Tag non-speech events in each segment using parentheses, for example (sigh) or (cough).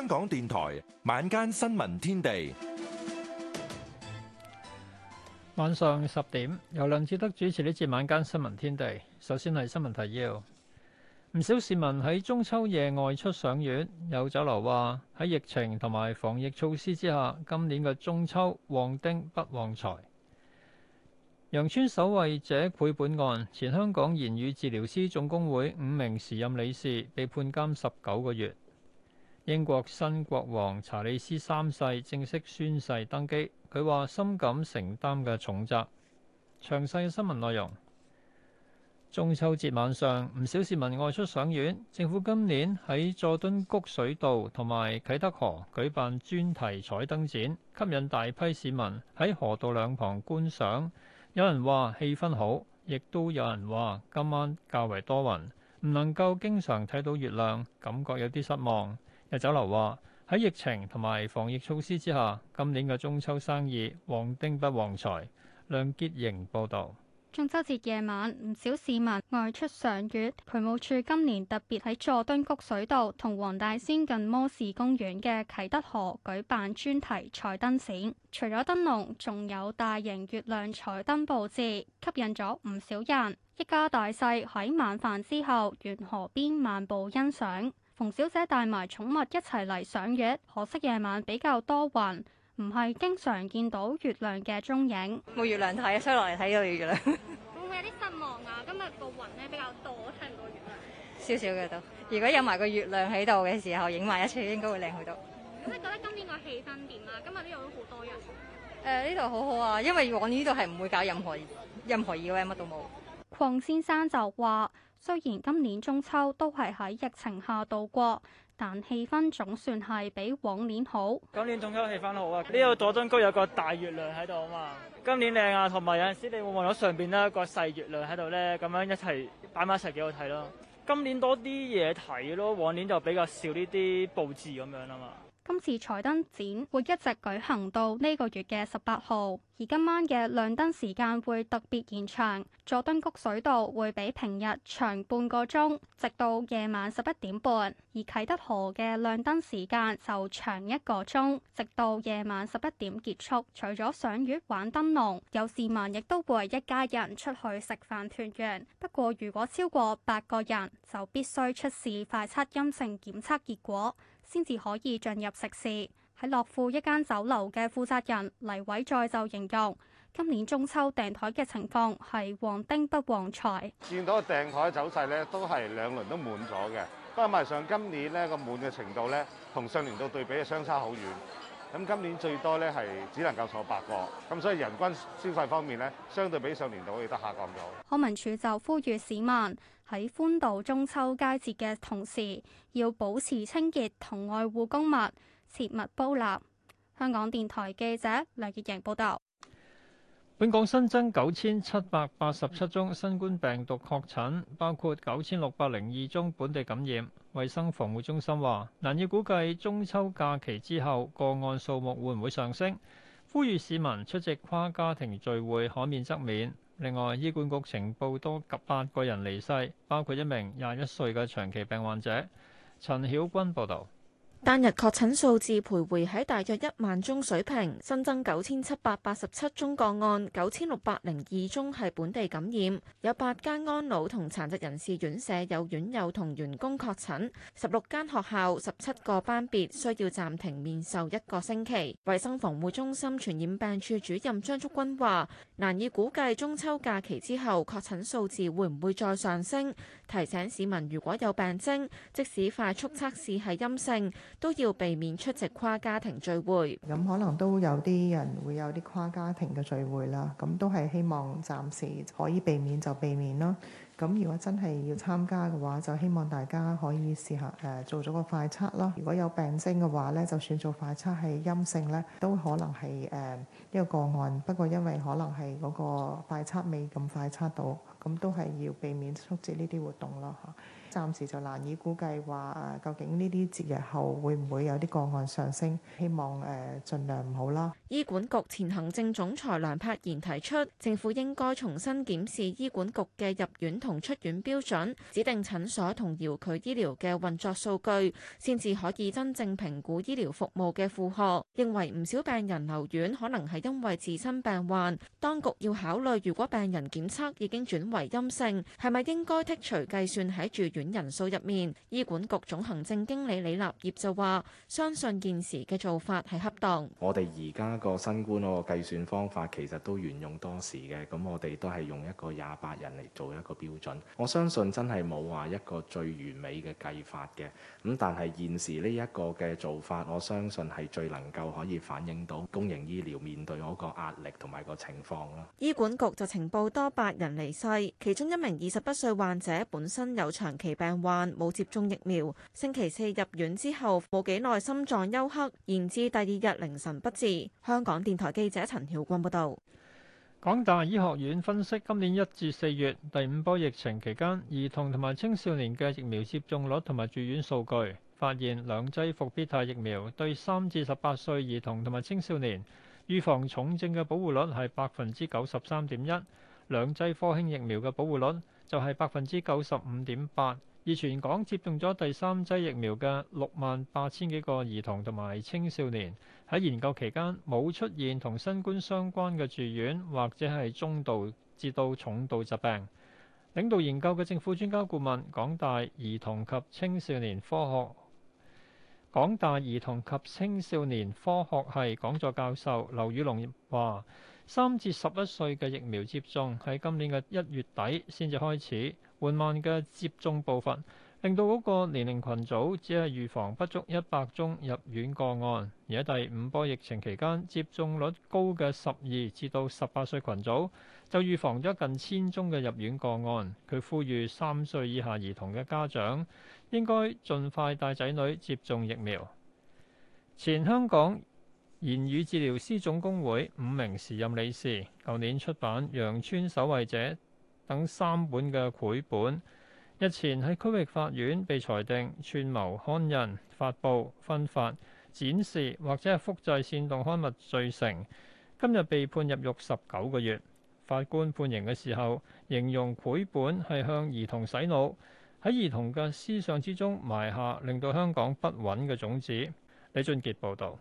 香港電台晚間新聞天地，晚上十點由梁志德主持呢節晚間新聞天地。首先係新聞提要，唔少市民喺中秋夜外出賞月。有酒樓話喺疫情同埋防疫措施之下，今年嘅中秋旺丁不旺財。羊村守衛者繪本案，前香港言語治療師總工會五名時任理事被判監十九個月。英國新國王查理斯三世正式宣誓登基，佢話深感承擔嘅重責。詳細新聞內容。中秋節晚上，唔少市民外出賞月。政府今年喺佐敦谷水道同埋啟德河舉辦專題彩燈展，吸引大批市民喺河道兩旁觀賞。有人話氣氛好，亦都有人話今晚較為多雲，唔能夠經常睇到月亮，感覺有啲失望。有酒樓話：喺疫情同埋防疫措施之下，今年嘅中秋生意旺丁不旺財。梁潔瑩報導。中秋節夜晚，唔少市民外出賞月。渠務署今年特別喺佐敦谷水道同黃大仙近摩士公園嘅啟德河舉辦專題彩燈展，除咗燈籠，仲有大型月亮彩燈佈置，吸引咗唔少人。一家大細喺晚飯之後沿河邊漫步欣賞。同小姐帶埋寵物一齊嚟賞月，可惜夜晚比較多雲，唔係經常見到月亮嘅蹤影。冇月亮睇，出嚟睇到月亮。 (laughs) 會唔會有啲失望啊？今日個雲咧，比較多，睇唔到月亮。少少嘅都。如果有埋個月亮喺度嘅時候，影埋一齊應該會靚好多。咁、 (laughs) 嗯、你覺得今年個氣氛點啊？今日呢度都好多人。誒、呃，呢度好好啊，因為我呢度係唔會搞任何任何嘢嘅，乜都冇。黃先生就話，雖然今年中秋都係喺疫情下度過，但氣氛總算係比往年好。今年中秋氣氛好啊！呢度佐敦區有個大月亮喺度啊嘛，今年靚啊，同埋有陣時你會望到上邊一個細月亮喺度咧，咁樣一齊擺埋一齊幾好睇咯。今年多啲嘢睇咯，往年就比較少呢啲佈置咁樣啊嘛。今次彩燈展會一直舉行到呢個月嘅十八號，而今晚嘅亮燈時間會特別延長。佐敦谷水道會比平日長半個鐘，直到夜晚十一點半；而啟德河嘅亮燈時間就長一個鐘，直到夜晚十一點結束。除咗賞月、玩燈籠，有市民亦都會一家人出去食飯團圓。不過，如果超過八個人，就必須出示快測陰性檢測結果。先至可以進入食肆。喺樂富一間酒樓嘅負責人黎偉再就形容，今年中秋訂台嘅情況係旺丁不旺財。見到訂台走勢咧，都係兩輪都滿咗嘅，不過埋上今年呢、這個滿嘅程度咧，同上年度對比相差好遠。咁今年最多咧係只能夠坐八個，咁所以人均消費方面咧，相對比上年度亦都下降咗。康文署就呼籲市民喺歡度中秋佳節嘅同時，要保持清潔同愛護公物，切勿煲丟。香港電台記者梁潔瑩報道。本港新增九千七百八十七宗新冠病毒確診，包括九千六百零二宗本地感染。衛生防護中心話難以估計中秋假期之後個案數目會唔會上升，呼籲市民出席跨家庭聚會可免則免。另外，醫管局呈報多及八個人離世，包括一名廿一歲嘅長期病患者。陳曉君報道。單日確診數字徘徊喺大約一萬宗水平，新增九千七百八十七宗個案，九千六百零二宗係本地感染。有八間安老同殘疾人士院舍有院友同員工確診，十六間學校、十七個班別需要暫停面授一個星期。衛生防護中心傳染病處主任張竹君話，難以估計中秋假期之後確診數字會唔會再上升。提醒市民如果有病徵，即使快速測試係陰性，都要避免出席跨家庭聚會，咁可能都有啲人會有啲跨家庭嘅聚會啦，咁都係希望暫時可以避免就避免咯。咁如果真係要參加嘅話，就希望大家可以試下誒、呃、做咗個快測啦。如果有病徵嘅話咧，就算做快測係陰性咧，都可能係誒一個個案。不過因為可能係嗰個快測未咁快測到，咁都係要避免出席呢啲活動咯。暫時就難以估計話啊，究竟呢啲節日後會唔會有啲個案上升？希望誒盡量唔好啦。醫管局前行政總裁梁柏賢提出，政府應該重新檢視醫管局嘅入院同出院標準，指定診所同遙距醫療嘅運作數據，先至可以真正評估醫療服務嘅負荷。認為唔少病人留院可能係因為自身病患，當局要考慮如果病人檢測已經轉為陰性，係咪應該剔除計算喺住院院人數入面，醫管局總行政經理李立業就話，相信現時嘅做法係恰當。我哋而家個新冠嗰個計算方法其實都沿用當時嘅，咁我哋都係用一個廿八人嚟做一個標準。我相信真係冇話一個最完美嘅計法嘅，咁但係現時呢一個嘅做法，我相信係最能夠可以反映到公營醫療面對嗰個壓力同埋個情況咯。醫管局就呈報多八人離世，其中一名二十一歲患者，本身有長期病患，冇接種疫苗，星期四入院之後冇幾耐心臟休克，延至第二日凌晨不治。香港電台記者陳曉光報道。港大醫學院分析今年一至四月第五波疫情期間，兒童同埋青少年嘅疫苗接種率同埋住院數據，發現兩劑復必泰疫苗對三至十八歲兒童同埋青少年預防重症嘅保護率係百分之九十三點一，兩劑科興疫苗嘅保護率。就係百分之九十五點八，而全港接種咗第三劑疫苗嘅六萬八千幾個兒童同埋青少年喺研究期間冇出現同新冠相關嘅住院或者係中度至到重度疾病。領導研究嘅政府專家顧問，港大兒童及青少年科學。港大兒童及青少年科學系講座教授劉宇龍話：三至十一歲嘅疫苗接種喺今年嘅一月底先至開始，緩慢嘅接種部分。令到嗰個年齡群組只係預防不足一百宗入院個案，而喺第五波疫情期間接種率高嘅十二至到十八歲群組就預防咗近千宗嘅入院個案。佢呼籲三歲以下兒童嘅家長應該盡快帶仔女接種疫苗。前香港言語治療師總工會五名時任理事，舊年出版《羊村守衛者》等三本嘅繪本。日前喺區域法院被裁定串謀刊印、發布、分發、展示或者係複製煽動刊物罪成。今日被判入獄十九個月。法官判刑嘅時候形容，繪本係向兒童洗腦，喺兒童嘅思想之中埋下令到香港不穩嘅種子。李俊傑報導，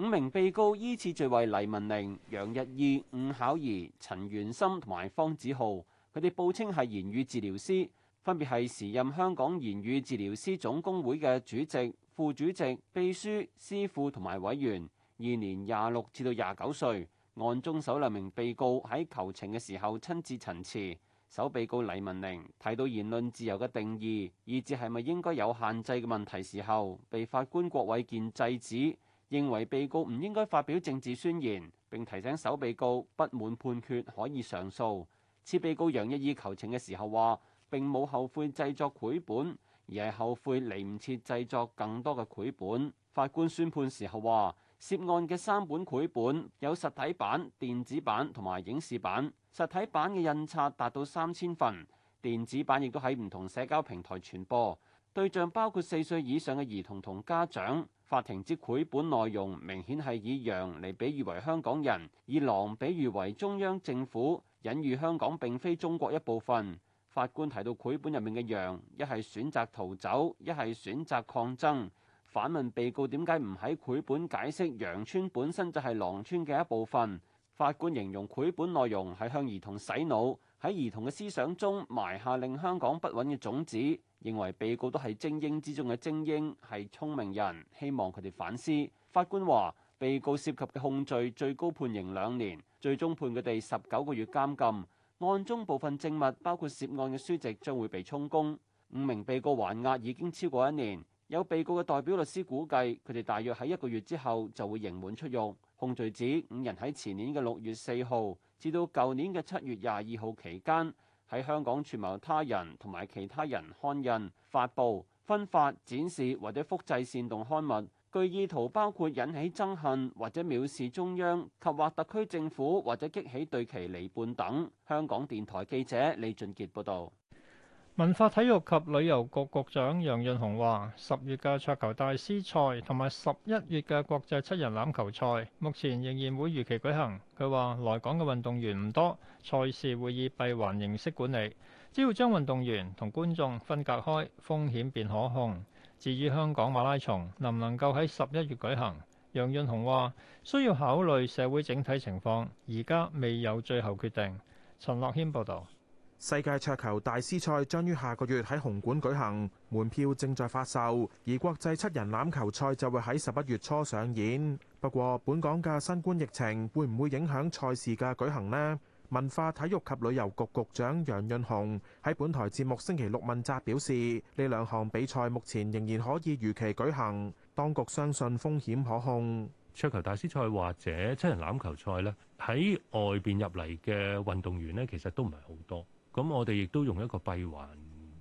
五名被告依次罪為黎文玲、楊日義、伍巧怡、陳元森同埋方子浩。佢哋報稱係言語治療師。分別係時任香港言語治療師總工會嘅主席、副主席、秘書、師傅同埋委員，現年廿六至到廿九歲。案中首兩名被告喺求情嘅時候親自陳詞，首被告黎文玲提到言論自由嘅定義，以至係咪應該有限制嘅問題時候，被法官郭偉健制止，認為被告唔應該發表政治宣言，並提醒首被告不滿判決可以上訴。次被告楊一依求情嘅時候話，並冇後悔製作繪本，而係後悔嚟唔切製作更多嘅繪本。法官宣判時候話，涉案嘅三本繪本有實體版、電子版同埋影視版。實體版嘅印刷達到三千份，電子版亦都喺唔同社交平台傳播，對象包括四歲以上嘅兒童同家長。法庭指繪本內容明顯係以羊嚟比喻為香港人，以狼比喻為中央政府，隱喻香港並非中國一部分。法官提到繪本入面嘅羊，一係選擇逃走，一係選擇抗爭。反問被告點解唔喺繪本解釋羊村本身就係狼村嘅一部分？法官形容繪本內容係向兒童洗腦，喺兒童嘅思想中埋下令香港不穩嘅種子。認為被告都係精英之中嘅精英，係聰明人，希望佢哋反思。法官話，被告涉及嘅控罪最高判刑兩年，最終判佢哋十九個月監禁。案中部分證物，包括涉案嘅書籍，將會被充公。五名被告還押已經超過一年，有被告嘅代表律師估計，佢哋大約喺一個月之後就會刑滿出獄。控罪指五人喺前年嘅六月四號至到舊年嘅七月廿二號期間，喺香港串謀他人同埋其他人刊印、發佈、分發、展示或者複製煽動刊物，具意圖包括引起憎恨或者藐視中央，及或特區政府，或者激起對其離叛等。香港電台記者李俊傑報導。文化體育及旅遊局局長楊潤雄話：十月嘅桌球大師賽同埋十一月嘅國際七人欖球賽，目前仍然會如期舉行。佢話來港嘅運動員唔多，賽事會以閉環形式管理，只要將運動員同觀眾分隔開，風險便可控。至於香港馬拉松能唔能夠喺十一月舉行，楊潤雄話需要考慮社會整體情況，而家未有最後決定。陳樂軒報導。世界桌球大師賽將於下個月喺紅館舉行，門票正在發售，而國際七人欖球賽就會喺十一月初上演。不過，本港嘅新冠疫情會唔會影響賽事嘅舉行呢？文化體育及旅遊局局長楊潤雄喺本台節目星期六問責表示：呢兩項比賽目前仍然可以如期舉行，當局相信風險可控。桌球大師賽或者七人欖球賽呢，喺外邊入嚟嘅運動員呢，其實都唔係好多，咁我哋亦都用一個閉環。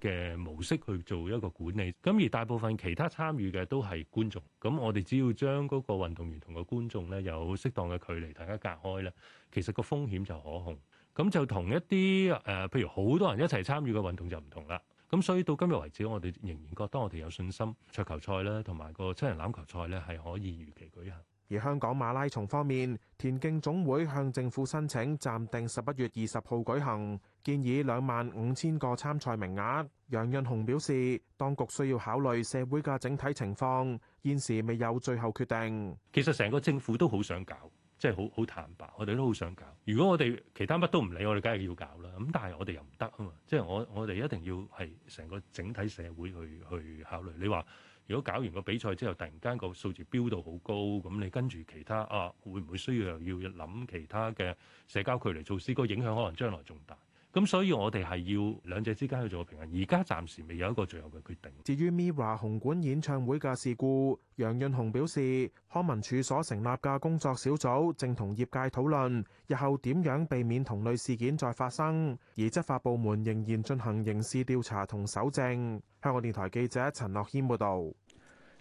嘅模式去做一個管理，咁而大部分其他參與嘅都係觀眾，咁我哋只要將嗰個運動員同個觀眾咧有適當嘅距離，大家隔開咧，其實個風險就可控，咁就同一啲誒、呃、譬如，好多人一齊參與嘅運動就唔同啦，咁所以到今日為止，我哋仍然覺得我哋有信心桌球賽咧同埋個七人欖球賽咧係可以如期舉行。而香港馬拉松方面，田徑總會向政府申請暫定十一月二十號舉行，建議兩萬五千個參賽名額。楊潤雄表示，當局需要考慮社會嘅整體情況，現時未有最後決定。其實成個政府都好想搞，即係好好坦白，我哋都好想搞。如果我哋其他乜都唔理，我哋梗係要搞啦。咁但係我哋又唔得啊嘛，即係我我哋一定要係成個整體社會去去考慮。你話？如果搞完個比賽之後突然間個數字飆到好高，咁你跟住其他啊，會唔會需要又要諗其他嘅社交距離措施？個影響可能將來仲大。咁所以我哋係要兩者之間去做個平衡，而家暫時未有一個最後嘅決定。至於 MIRROR 紅館演唱會嘅事故，楊潤雄表示，康文署所成立嘅工作小組正同業界討論日後點樣避免同類事件再發生，而執法部門仍然進行刑事調查同搜證。香港電台記者陳樂謙報道。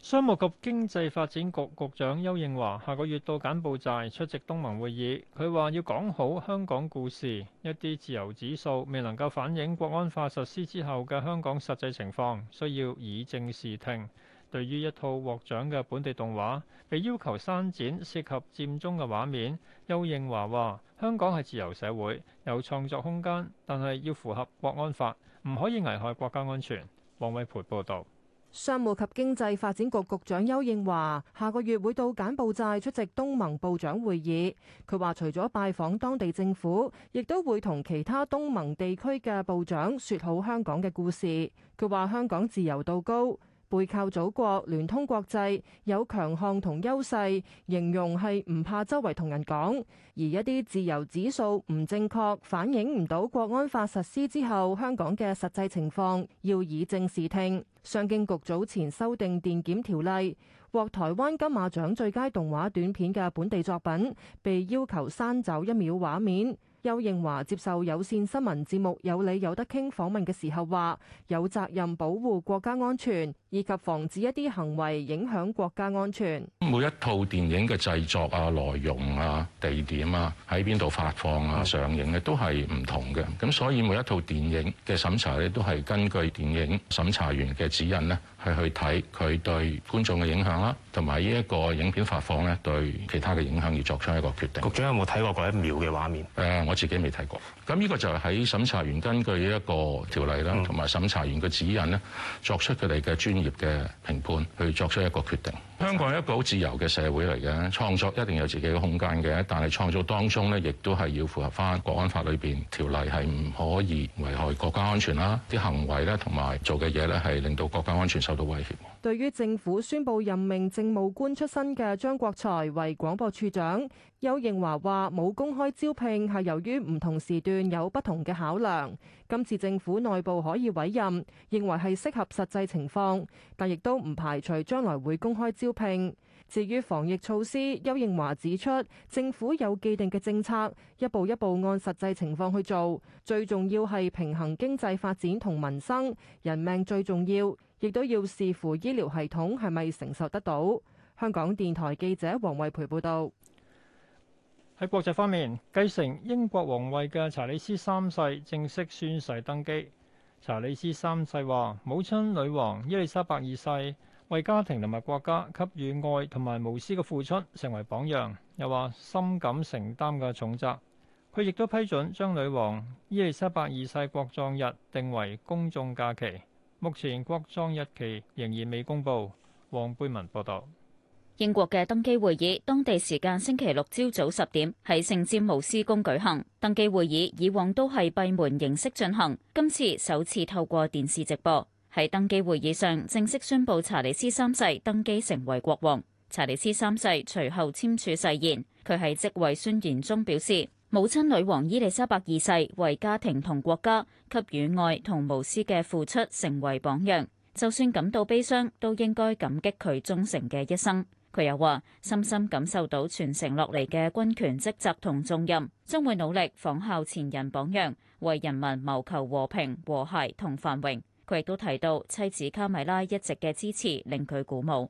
商務及經濟發展局局長邱應華下個月到柬埔寨出席東盟會議，佢話要講好香港故事。一啲自由指數未能夠反映國安法實施之後嘅香港實際情況，需要以正視聽。對於一套獲獎嘅本地動畫被要求刪剪涉及佔中嘅畫面，邱應華話：香港係自由社會，有創作空間，但係要符合國安法，唔可以危害國家安全。黃偉培報導。商務及經濟發展局局長邱應華下個月會到柬埔寨出席東盟部長會議。佢話除咗拜訪當地政府，亦都會同其他東盟地區嘅部長說好香港嘅故事。佢話香港自由度高。背靠祖國，聯通國際，有強項同優勢，形容係唔怕周圍同人講。而一啲自由指數唔正確，反映唔到國安法實施之後香港嘅實際情況，要以正視聽。商經局早前修訂電檢條例，獲台灣金馬獎最佳動畫短片嘅本地作品被要求刪走一秒畫面。邱應華接受有線新聞節目《有理有得傾》訪問嘅時候話，有責任保護國家安全，以及防止一啲行為影響國家安全。每一套電影嘅製作啊、內容啊、地點啊、喺邊度發放啊、上映呢都係唔同嘅，咁所以每一套電影嘅審查咧，都係根據電影審查員嘅指引咧，係去睇佢對觀眾嘅影響啦，同埋呢一個影片發放咧對其他嘅影響而作出一個決定。局長有冇睇過嗰一秒嘅畫面？誒。我自己未睇過，咁呢個就係喺審查員根據一個條例啦，同埋審查員嘅指引咧，作出佢哋嘅專業嘅評判，去作出一個決定。香港係一個好自由嘅社會嚟嘅，創作一定有自己嘅空間嘅，但係創作當中咧，亦都係要符合翻《國安法》裏邊條例，係唔可以危害國家安全啦，啲行為咧同埋做嘅嘢咧，係令到國家安全受到威脅。對於政府宣布任命政務官出身嘅張國財為廣播處長，丘應樺話冇公開招聘係由於唔同時段有不同嘅考量。今次政府內部可以委任，認為係適合實際情況，但亦都唔排除將來會公開招聘。至於防疫措施，丘應樺指出，政府有既定嘅政策，一步一步按實際情況去做，最重要係平衡經濟發展同民生，人命最重要。亦都要視乎醫療系統係咪承受得到。香港電台記者黃慧培報導。喺國際方面，繼承英國皇位嘅查理斯三世正式宣誓登基。查理斯三世話：母親女王伊麗莎白二世為家庭同埋國家給予愛同埋無私嘅付出，成為榜樣。又話深感承擔嘅重責。佢亦都批准將女王伊麗莎白二世國葬日定為公眾假期。目前國葬日期仍然未公布。黃貝文報道。英國嘅登基會議，當地時間星期六朝早十點喺聖詹姆斯宮舉行。登基會議以往都係閉門形式進行，今次首次透過電視直播。喺登基會議上正式宣佈查理斯三世登基成為國王。查理斯三世隨後簽署誓言，佢喺即位宣言中表示。母親女王伊麗莎白二世為家庭同國家給予愛同無私嘅付出，成為榜樣。就算感到悲傷，都應該感激佢忠誠嘅一生。佢又話：深深感受到傳承落嚟嘅君權職責同重任，將會努力仿效前人榜樣，為人民謀求和平、和諧同繁榮。佢亦都提到妻子卡米拉一直嘅支持令佢鼓舞。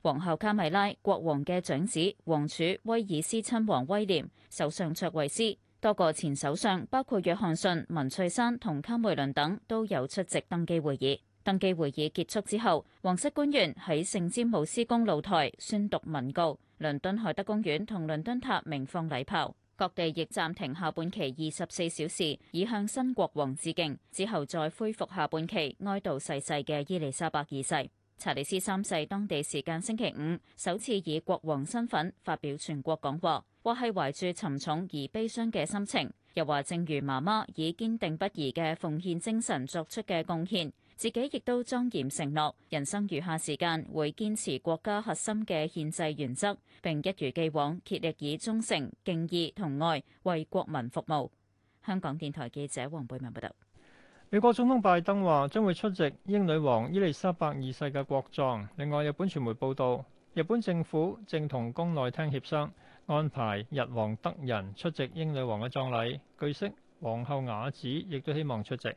皇后卡米拉、國王嘅長子王柱、王儲威爾斯親王威廉、首相卓慧思，多個前首相包括約翰遜、文翠珊同卡梅倫等都有出席登基會議。登基會議結束之後，皇室官員喺聖詹姆斯宮露台宣讀文告，倫敦海德公園同倫敦塔鳴放禮炮，各地亦暫停下半旗二十四小時，以向新國王致敬，之後再恢復下半旗哀悼逝世嘅伊麗莎白二世。查理斯三世當地時間星期五首次以國王身份發表全國講話，話係懷住沉重而悲傷嘅心情，又話正如媽媽以堅定不移嘅奉獻精神作出嘅貢獻，自己亦都莊嚴承諾人生餘下時間會堅持國家核心嘅憲制原則，並一如既往竭力以忠誠敬意同愛為國民服務。香港電台記者黃貝文報道。美國總統拜登話將會出席英女王伊麗莎白二世嘅國葬。另外，日本傳媒報道，日本政府正同宮內廳協商安排日王德仁出席英女王嘅葬禮。據悉，皇后雅子亦都希望出席。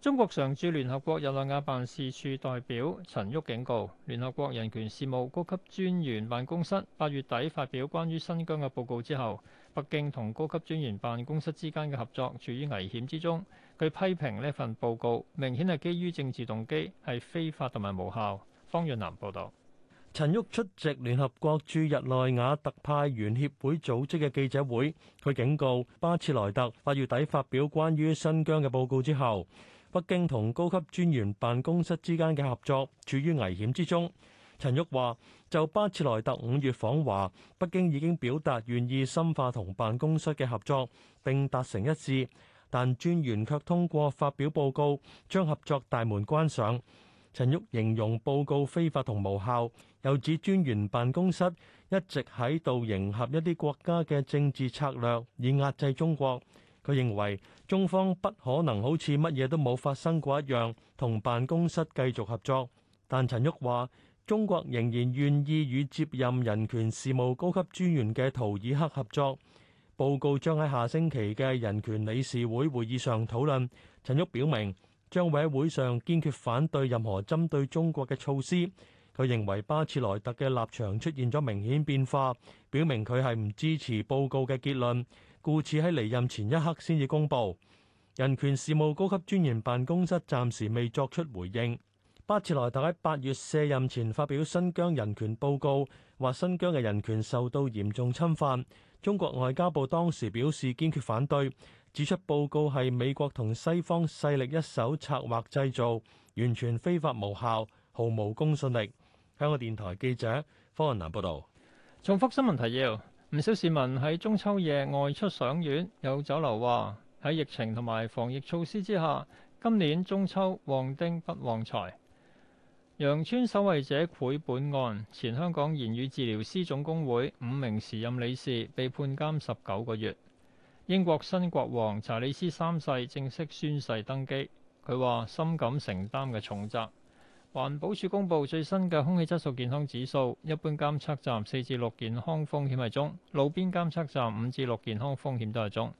中國常駐聯合國日內瓦辦事處代表陳旭警告，聯合國人權事務高級專員辦公室八月底發表關於新疆嘅報告之後，北京同高級專員辦公室之間嘅合作處於危險之中。佢批評呢份報告明顯係基於政治動機，係非法同埋無效。方潤南報導。陳旭出席聯合國駐日內瓦特派員協會組織嘅記者會，佢警告巴切萊特八月底發表關於新疆嘅報告之後，北京同高級專員辦公室之間嘅合作處於危險之中。陳旭話：就巴切萊特五月訪華，北京已經表達願意深化同辦公室嘅合作，並達成一致。但專員卻通過發表報告，將合作大門關上。陳旭形容報告非法同無效，又指專員辦公室一直喺度迎合一啲國家嘅政治策略，以壓制中國。佢認為中方不可能好似乜嘢都冇發生過一樣，同辦公室繼續合作。但陳旭話，中國仍然願意與接任人權事務高級專員嘅圖爾克合作。報告將喺下星期嘅人權理事會會議上討論。陳旭表明將會喺會上堅決反對任何針對中國嘅措施。佢認為巴切萊特嘅立場出現咗明顯變化，表明佢係唔支持報告嘅結論，故此喺離任前一刻先至公佈。人權事務高級專員辦公室暫時未作出回應。巴切萊特喺八月卸任前發表新疆人權報告，話新疆嘅人權受到嚴重侵犯。中國外交部當時表示堅決反對，指出報告係美國同西方勢力一手策劃製造，完全非法無效，毫無公信力。香港電台記者方雲南報道。重複新聞提要：唔少市民喺中秋夜外出賞月，有酒樓話喺疫情同埋防疫措施之下，今年中秋旺丁不旺財。羊村守衛者繪本案，前香港言語治療師總工會五名時任理事被判監十九個月。英國新國王查理斯三世正式宣誓登基，佢話深感承擔嘅重責。環保署公布最新嘅空氣質素健康指數，一般監測站四至六健康風險係中，路邊監測站五至六健康風險都係中。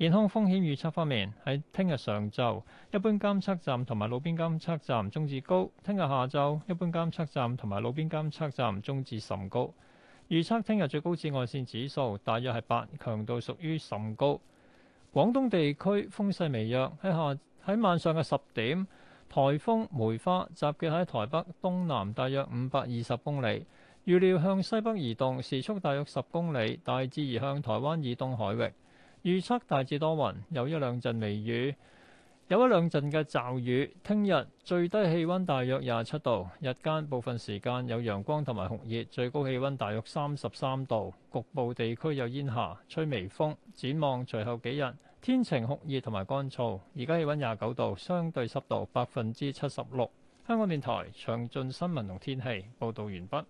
健康風險預測方面，喺聽日上晝一般監測站同埋路邊監測站中至高；聽日下晝一般監測站同埋路邊監測站中至甚高。預測聽日最高紫外線指數大約係八，強度屬於甚高。廣東地區風勢微弱，喺下喺晚上嘅十點台風梅花集結喺台北東南，大約五百二十公里，預料向西北移動時速大約十公里，大致移向台灣以東海域。預測大致多雲，有一兩陣微雨，有一兩陣嘅驟雨。聽日最低氣溫大約廿七度，日間部分時間有陽光同埋酷熱，最高氣溫大約三十三度，局部地區有煙霞，吹微風。展望隨後幾日，天晴酷熱同埋乾燥。而家氣溫廿九度，相對濕度百分之七十六。香港電台詳盡新聞同天氣報道完畢。